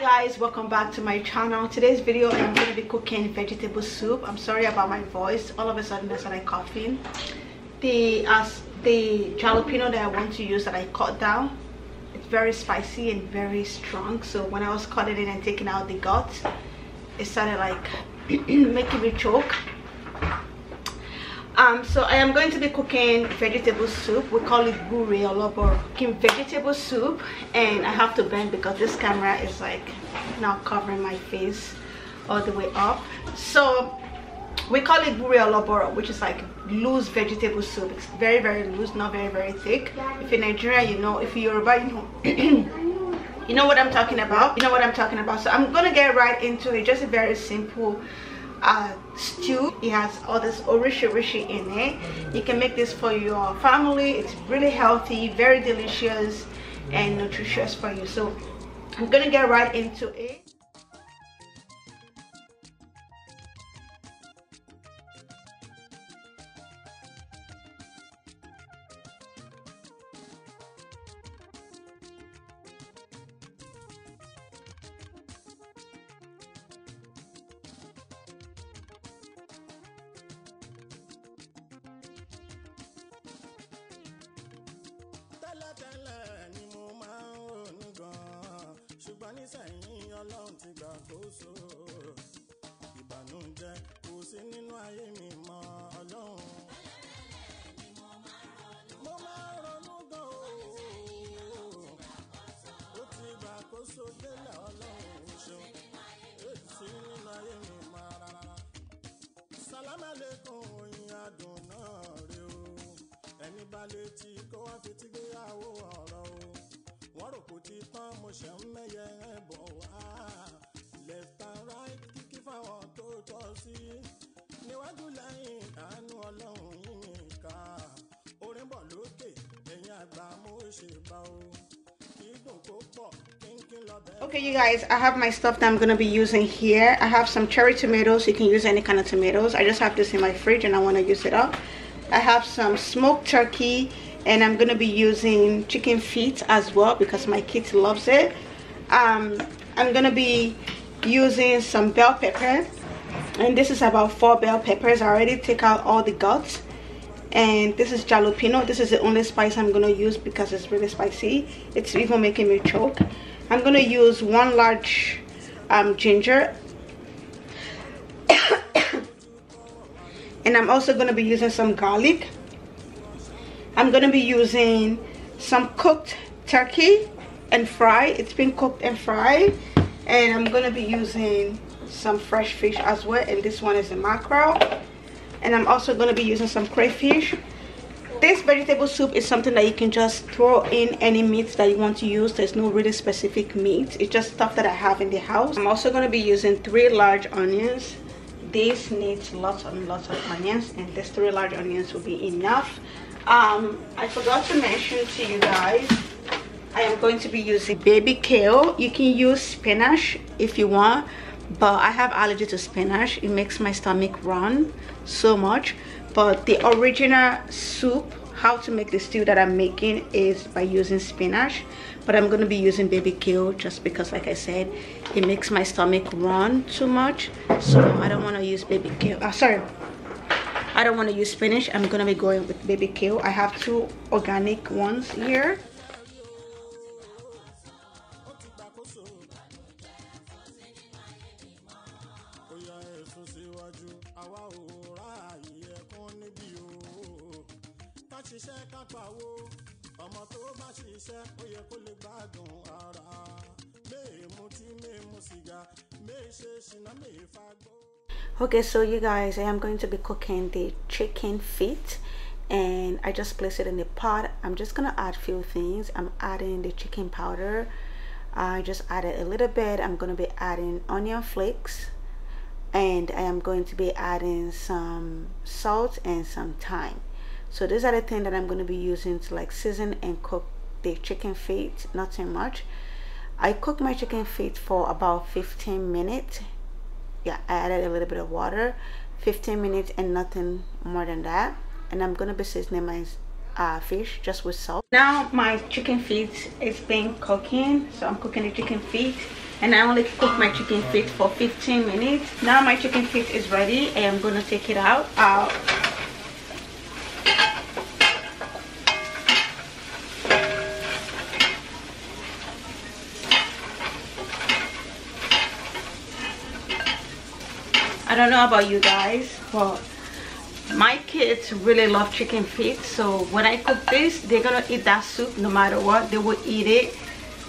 hi guys welcome back to my channel today's video i'm going to be cooking vegetable soup i'm sorry about my voice all of a sudden i started coughing the as the jalapeno that i want to use that i cut down it's very spicy and very strong so when i was cutting it and taking out the guts it started like making me choke um, so i am going to be cooking vegetable soup we call it guri or lobor cooking vegetable soup and i have to bend because this camera is like not covering my face all the way up so we call it buri or which is like loose vegetable soup it's very very loose not very very thick if you're nigerian you know if you're yoruba you know you know what i'm talking about you know what i'm talking about so i'm gonna get right into it just a very simple uh, stew it has all this orishirishi in it you can make this for your family it's really healthy very delicious and nutritious for you so i'm gonna get right into it kan nísẹ̀yìn ọlọ́run ti gbàkóso ìbànújẹ́ kò sí nínú ayé mi mọ́ ọlọ́run. mo máa ń ronú gan o ó ti gbàkóso délẹ̀ ọlọ́run ṣeun èsì nínú ayé mi mọ́ rárá. sálámàlẹ́kùn oyin adùn náà rèé o ẹni bá létí kó wá fi ti gbéyàwó ọ̀rọ̀ o. wọ́n rò kó mo ṣe ń bọ̀ wá left and right kíkí fáwọn tó tọ́ sí níwájú lẹ́yìn àánú ọlọ́run yìnyín ká orin bọ̀ lókè ẹ̀yìn àgbà mo ṣe bá o. Okay, you guys, I have my stuff that I'm going to be using here. I have some cherry tomatoes. You can use any kind of tomatoes. I just have this in my fridge and I want to use it up. I have some smoked turkey and I'm gonna be using chicken feet as well because my kid loves it um, I'm gonna be using some bell pepper and this is about four bell peppers I already take out all the guts and this is jalapeno this is the only spice I'm gonna use because it's really spicy it's even making me choke I'm gonna use one large um, ginger and I'm also gonna be using some garlic I'm gonna be using some cooked turkey and fry. It's been cooked and fried. And I'm gonna be using some fresh fish as well. And this one is a mackerel. And I'm also gonna be using some crayfish. This vegetable soup is something that you can just throw in any meat that you want to use. There's no really specific meat. It's just stuff that I have in the house. I'm also gonna be using three large onions this needs lots and lots of onions and these three large onions will be enough um, I forgot to mention to you guys, I am going to be using baby kale. You can use spinach if you want, but I have allergy to spinach. It makes my stomach run so much. But the original soup, how to make the stew that I'm making is by using spinach. But I'm gonna be using baby kale just because, like I said, it makes my stomach run too much. So I don't wanna use baby kale. Oh, sorry, i don't want to use finish i'm gonna be going with baby kale. i have two organic ones here ṣe ṣìnà okay so you guys i am going to be cooking the chicken feet and i just placed it in the pot i'm just gonna add few things i'm adding the chicken powder i just added a little bit i'm gonna be adding onion flakes and i am going to be adding some salt and some thyme so these are the things that i'm going to be using to like season and cook the chicken feet Not too much i cook my chicken feet for about 15 minutes yeah I added a little bit of water 15 minutes and nothing more than that and I'm gonna be seasoning my uh, fish just with salt now my chicken feet is being cooking so I'm cooking the chicken feet and I only cook my chicken feet for 15 minutes now my chicken feet is ready and I am gonna take it out uh, don't know about you guys, but my kids really love chicken feet. So when I cook this, they're gonna eat that soup no matter what. They will eat it.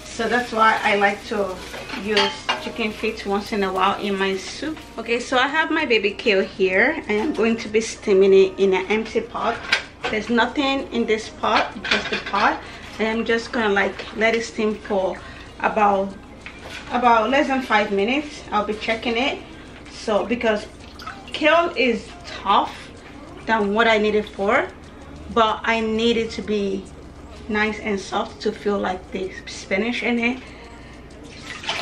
So that's why I like to use chicken feet once in a while in my soup. Okay, so I have my baby kale here. I am going to be steaming it in an empty pot. There's nothing in this pot, just the pot. And I'm just gonna like let it steam for about about less than five minutes. I'll be checking it so because kale is tough than what I needed for but I need it to be nice and soft to feel like the spinach in it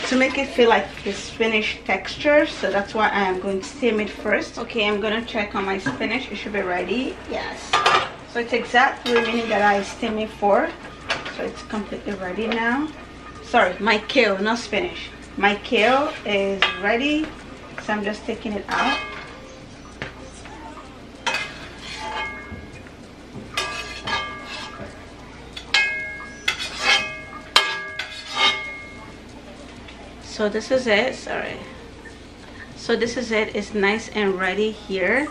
to make it feel like the spinach texture so that's why I am going to steam it first okay I'm gonna check on my spinach it should be ready yes so it's exactly the minute that I steam it for so it's completely ready now sorry my kale not spinach my kale is ready so I'm just taking it out. So this is it, sorry. So this is it, it's nice and ready here.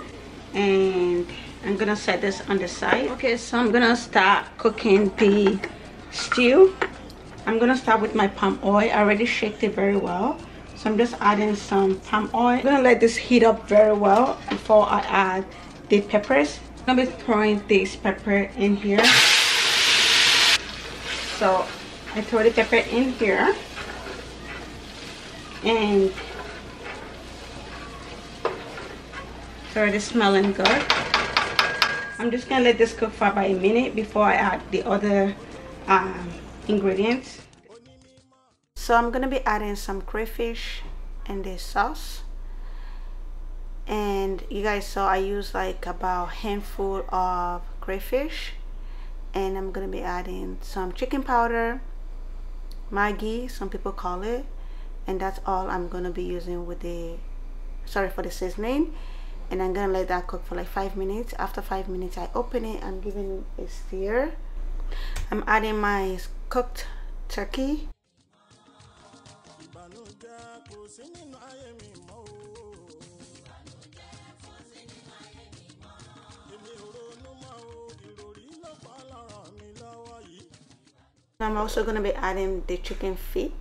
And I'm gonna set this on the side. Okay, so I'm gonna start cooking the stew. I'm gonna start with my palm oil. I already shaked it very well so i'm just adding some palm oil i'm gonna let this heat up very well before i add the peppers i'm gonna be throwing this pepper in here so i throw the pepper in here and it's already smelling good i'm just gonna let this cook for about a minute before i add the other um, ingredients so I'm gonna be adding some crayfish in this sauce and you guys saw I used like about handful of crayfish and I'm gonna be adding some chicken powder Maggi some people call it and that's all I'm gonna be using with the sorry for the seasoning and I'm gonna let that cook for like five minutes after five minutes I open it I'm giving it a stir I'm adding my cooked turkey kò sí nínú ayé mi mọ́ o. ìbànújẹ́ kò sí nínú ayé mi mọ́. èmi ò ronú mọ́ o ìròrí ló pa lára mi lọ́wọ́ yìí. I'm also going to be adding the chicken feet.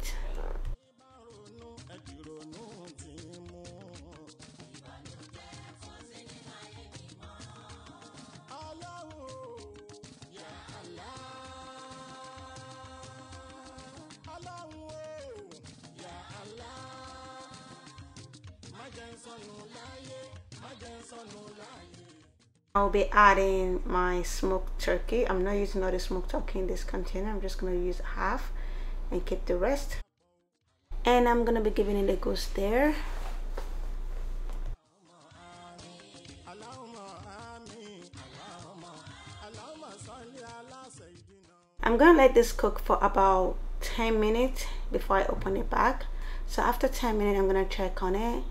I'll be adding my smoked turkey. I'm not using all the smoked turkey in this container. I'm just going to use half and keep the rest. And I'm going to be giving it a go stir. I'm going to let this cook for about 10 minutes before I open it back. So after 10 minutes, I'm going to check on it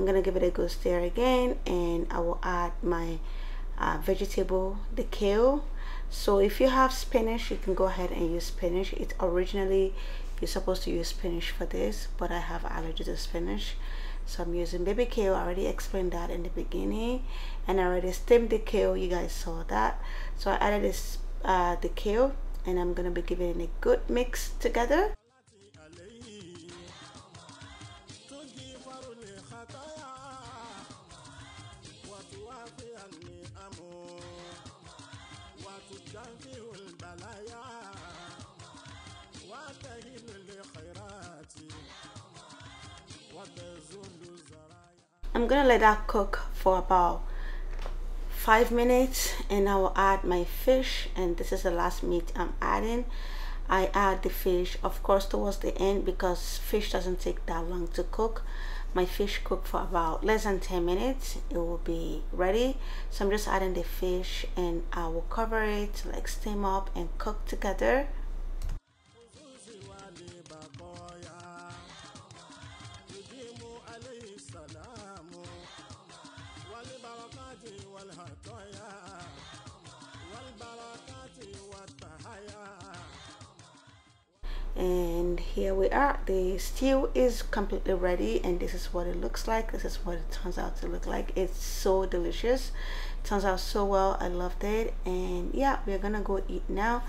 I'm gonna give it a good stir again and I will add my uh, vegetable the kale so if you have spinach you can go ahead and use spinach it originally you're supposed to use spinach for this but I have allergy to spinach so I'm using baby kale I already explained that in the beginning and I already steamed the kale you guys saw that so I added this uh, the kale and I'm gonna be giving it a good mix together I'm gonna let that cook for about five minutes and I will add my fish and this is the last meat I'm adding I add the fish of course towards the end because fish doesn't take that long to cook my fish cook for about less than 10 minutes it will be ready so I'm just adding the fish and I will cover it like steam up and cook together and here we are the stew is completely ready and this is what it looks like this is what it turns out to look like it's so delicious it turns out so well i loved it and yeah we're gonna go eat now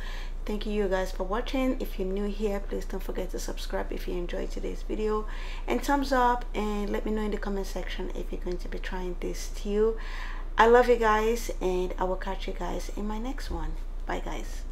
thank you guys for watching if you're new here please don't forget to subscribe if you enjoyed today's video and thumbs up and let me know in the comment section if you're going to be trying this stew i love you guys and i will catch you guys in my next one bye guys